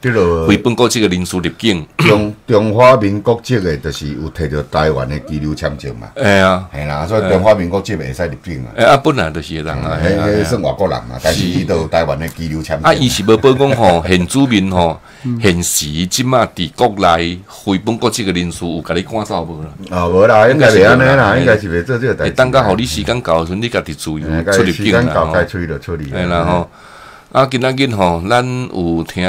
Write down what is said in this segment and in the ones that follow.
非本國籍的人士入境，中中華民國籍嘅就是有摕着台灣的居留簽證嘛。係、哎、啊，係啦，所以中華民國籍會使入境啊。啊、哎，本來就是一個人啊，算外國人嘛，但是伊都有台灣嘅居留簽證。啊，伊是無報講吼，現主時吼，現、嗯、時即馬佇國內非本國籍嘅人士有甲你關照無啦？啊、哦，無啦，應該是安尼啦，應該是袂做即個。誒、嗯，等甲合理時間到、哦，就你家己自由出入境。時間該出去就出去。哎啦吼，啊，今仔日吼，咱有聽。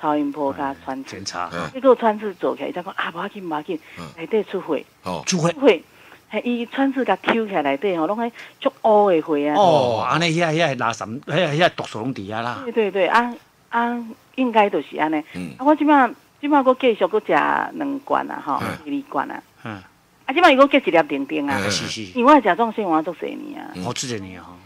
超音波加穿刺，這個穿刺做起來，伊才講啊，唔要緊唔要緊，內底、嗯、出血、哦，出血，係伊穿刺甲抽起來內底吼，攏喺足烏的血啊。哦，安尼伊係係拿什，哎係毒素攏地下啦。對對對，啊啊，啊，應該就是安尼。啊，我即碼即碼佫繼續佫食兩罐啊，第二罐啊，嗯，啊，即碼如果隔一粒點點啊，因為我甲狀腺我做四年啊，好、嗯、四、哦、年啊、哦。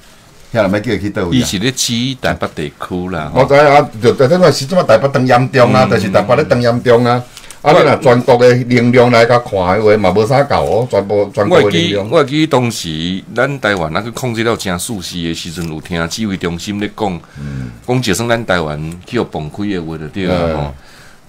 人要叫伊去倒位，伊是前咧，台北地區啦，我、嗯哦、知影啊，着等陣話是即嘛，台北當嚴重啊，着、嗯、是台北咧當嚴重啊。嗯、啊，你若全國嘅能量來甲看，誒話嘛無啥夠哦，全部全部。我記得我記得，我記，當時咱台灣那去控制了誠舒適嘅時陣，有聽指揮中心咧講，講就算咱台灣去互崩潰嘅話，就對啦吼。嗯哦對嗯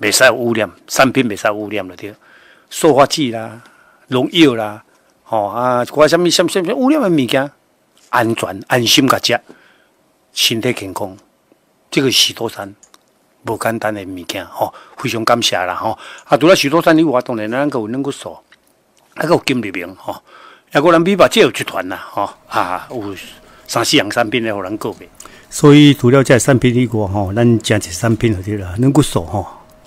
袂使污染，產品袂使污染了，對，塑化劑啦、農藥啦，吼、哦、啊，掛什麼什麼什麼污染嘅物件，安全、安心加食，身體健康。這個石頭山無簡單嘅物件，吼、哦，非常感謝啦，吼、哦。啊，除了石頭山以外，當然咱可有另個數，啊，哦有這個有金立明，吼，一個人米吧，即個集團啦，吼，啊，有三四樣產品咧，互人購買。所以除了這產品以外，吼，咱食只三品好啲啦，另個數，吼。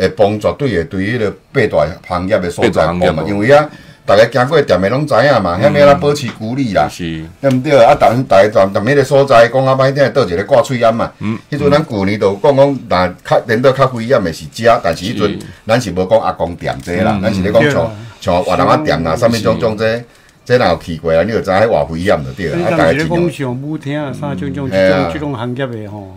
會幫絕對會對迄個八大行業嘅所在，因為啊，逐個行過的店嘅攏知影嘛，遐物啊保持距離啦，那毋對,對，啊，逐逐個從逐每一個所在講啊歹聽，倒一個掛喙煙嘛。嗯。迄陣咱舊年都有講講，但較聽到較危險嘅是遮，但是迄陣咱是無講阿公店這啦、嗯，咱是咧講像像華龍啊店啊啥物種種這個、這哪有去過、啊，你就知係話危險着對啊，大家盡量。講講像舞廳啊，三種種這種種行業嘅吼。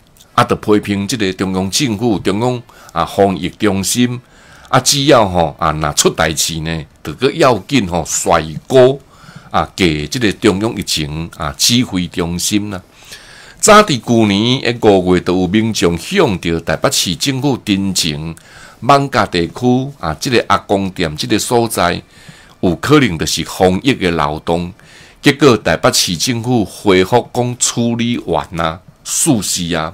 啊，都批評即個中央政府、中央啊防疫中心，啊只要吼啊若出代志呢，就個要緊吼、啊、甩鍋啊，給即個中央疫情啊指揮中心啦，早佇舊年一五月都有民眾向着台北市政府申請萬華地區啊，即、這個阿公店即個所在，有可能就是防疫嘅漏洞。結果台北市政府回覆講處理完啦，屬實啊。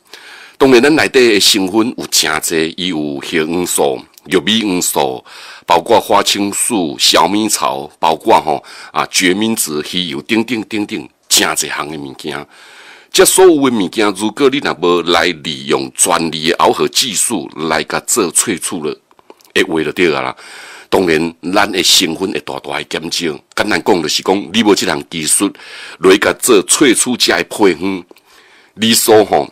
當然，咱內底嘅成分有誠儕，伊有紅素、玉米黃素，包括花青素、小米草，包括吼、哦、啊決明子、黑油等等等等，誠濟項嘅物件。這所有嘅物件，如果你若無來利用專利嘅熬合技術來甲做萃取了，的話就對了啦。當然，咱嘅成分會大大嘅減少。簡單講就是講，你無這項技術來甲做萃取，加配方，你說吼、哦？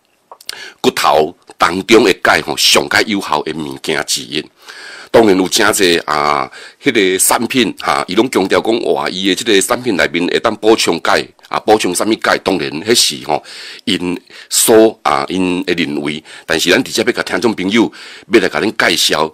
骨頭當中嘅鈣吼，上蓋有效嘅物件之一。當然有誠儕啊，迄、那個產品哈，伊攏強調講哇伊嘅即個產品內面會當補充鈣啊，補充啥物鈣，當然迄時吼，因所啊，因會認為。但是咱直接要甲聽眾朋友要來甲恁介紹。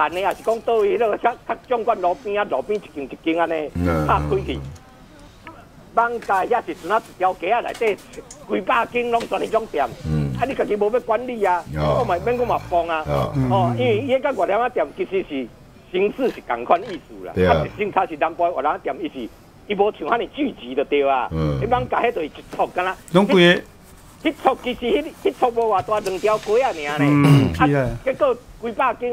安尼也是講倒去迄個像像中國路邊啊，路邊一間一間安尼拍開去。房價也是只那一條街啊，內底幾百斤攏做迄種店，啊你家己無要管理啊，yeah. 我咪免我嘛，放啊，yeah. 哦、yeah. 嗯嗯、因為伊迄個外頭啊店其實是形式是同款意思啦，yeah. 啊正常是當管外頭店，伊是伊冇像遐尼聚集的對、嗯、家是 啊，你冇搞迄對一撮干啦，攏幾個？一撮其實一撮冇外多兩條街啊爾嘞，啊結果幾百間。